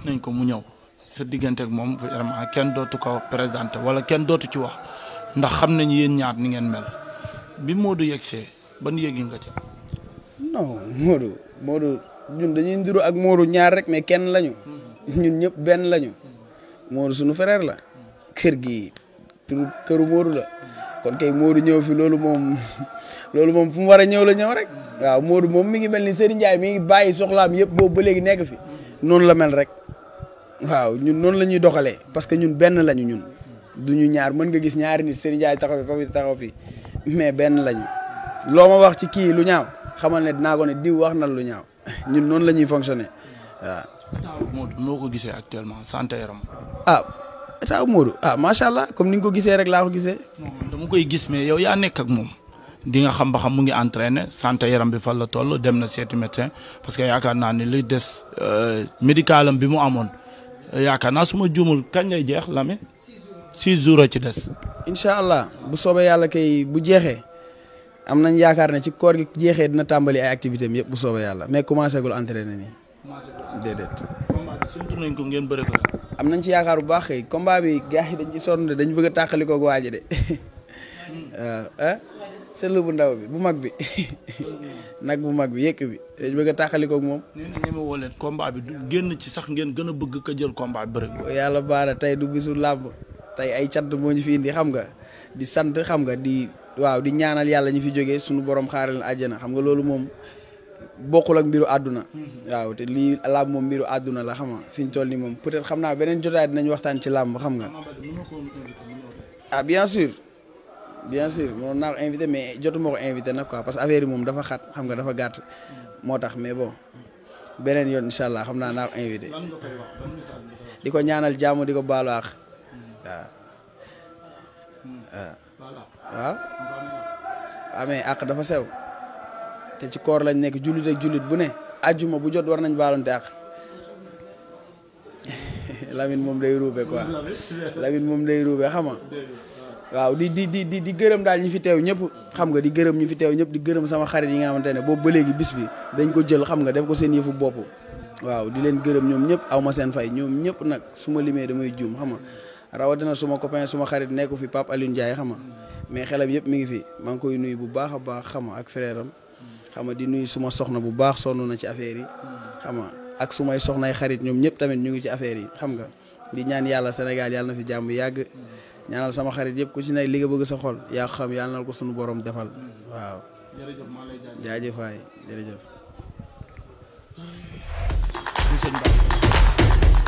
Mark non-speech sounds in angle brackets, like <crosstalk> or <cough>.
gis nañ ko mu ñëw sa diggante ak moom vraiment kenn dootu ko présenté wala kenn dootu ci wax ndax xam nañ yéen ñaar ni ngeen mel bi Modou yegsee ban yéegi nga ca. non Modou ñun dañuy nduru ak Modou ñaar rek mais kenn lañu. Hmm. ñun ñëpp benn lañu. Hmm. Modou suñu frère la. Hmm. kër gi turu këru Modou la. kon ñëw fi loolu moom <laughs> loolu moom fu mu war ñëw la ñëw rek. waaw Modou moom mi ngi mel ni Serigne Ndiaye mi ngi bàyyi soxlaam yëpp boobu ba léegi nekk fi. noonu la mel rek. waaw ñun noonu la ñuy doxalee parce que ñun benn lañu ñun du ñu ñaar mën nga gis ñaari nit Serigne Ndiaye taxaw fi Papis taxaw fi mais benn lañu loo ma wax ci kii lu ñaaw xamal ne dinaa ko ne diw wax na lu ñaaw <laughs> ñun noonu la ñuy fonctionner waaw. moo ko gisee actuellement santé yaram. ah état Modou ah macha allah comme ni nga ko gisee rek laa ko gisee. mu koy gis mais yow yaa nekk ak moom. di nga xam ba xam mu ngi entraîné santé yaram bi fan la toll dem na seeti médecin parce que yaakaar naa ne li des euh, médicalam bi mu amoon. yaakaar naa suma jumul kañ lay jeex Lamine. six jours ci des. incha allah bu soobee yàlla kay bu jeexee am nañ yaakaar ne ci koor gi jeexee dina tàmbali ay activités am yëpp bu soobee yàlla mais commencé gul entraîné nii. déedéet. surtout nañ ko ngeen bëri am nañ ci yaakaar bu baax kay combat bi gars yi dañ ci sonn dañ bëgg a tàqali waa de hmm. <laughs> waaw seetlu bu ndaw bi bu mag bi <laughs> nag bu mag bi yëkk bi dañ bëgg a tàqalikoog moom. nee na leen combat bi du génn ci sax ngeen gën a bëgg ko jël combat bi bëri. yàlla baara tey du bisu làmb tey ay cant moo ñu fi indi xam nga di sant xam nga di waaw di ñaanal yàlla ñu fi jógee suñu borom xaaral leen àjjana xam nga loolu moom bokkul ak mbiru àdduna. Mm-hmm. waaw te lii làmb moom mbiru àdduna la xam nga fi ñu toll nii moom peut-être xam naa beneen jotaay dinañ waxtaan ci làmb xam nga. ah bien bien sûr moom naa ko invité mais jotuma ko invité nag quoi parce que affaire yi moom dafa xat xam nga dafa gàtt moo tax mais bon beneen yoon incha allah xam naa naa ko invité. di ko ñaanal jàmm di ko baalu àq waaw waaw amee ah, dafa sew te ci koor lañ nekk jullit ak jullit bu ne ajuma bu jot war nañ baalonte àq <laughs> Lamine moom day ruube quoi Lamine moom day ruube xama waaw di di di di di gërëm daal ñi fi teew ñëpp xam nga di gërëm ñi fi teew ñëpp di gërëm sama xarit yi nga xamante ne boobu ba léegi bis bi dañ ko jël xam nga def ko seen yëfu bopp waaw di leen gërëm ñoom ñëpp aw ma seen fay ñoom ñëpp nag su ma limee damay juum xam nga rawatina suma copain suma xarit nekku fi Pape Alioune Ndiaye xam mais xelam yëpp mi ngi fi maa ngi koy nuyu bu baax a baax xam nga ak xam nga di nuyu suma soxna bu baax sonn na ci affaire yi xam nga ak sumay soxnay xarit ñoom ñëpp tamit ñu ngi ci affaire yi xam nga di ñaan yàlla senegal yàlla na fi jàmm yàgg ñaanal sama xarit yëpp ku ci nay li nga bëgg sa xol yaa xam yàlla na ko sunu borom defal waaw. jërëjëf maa jërëjëf.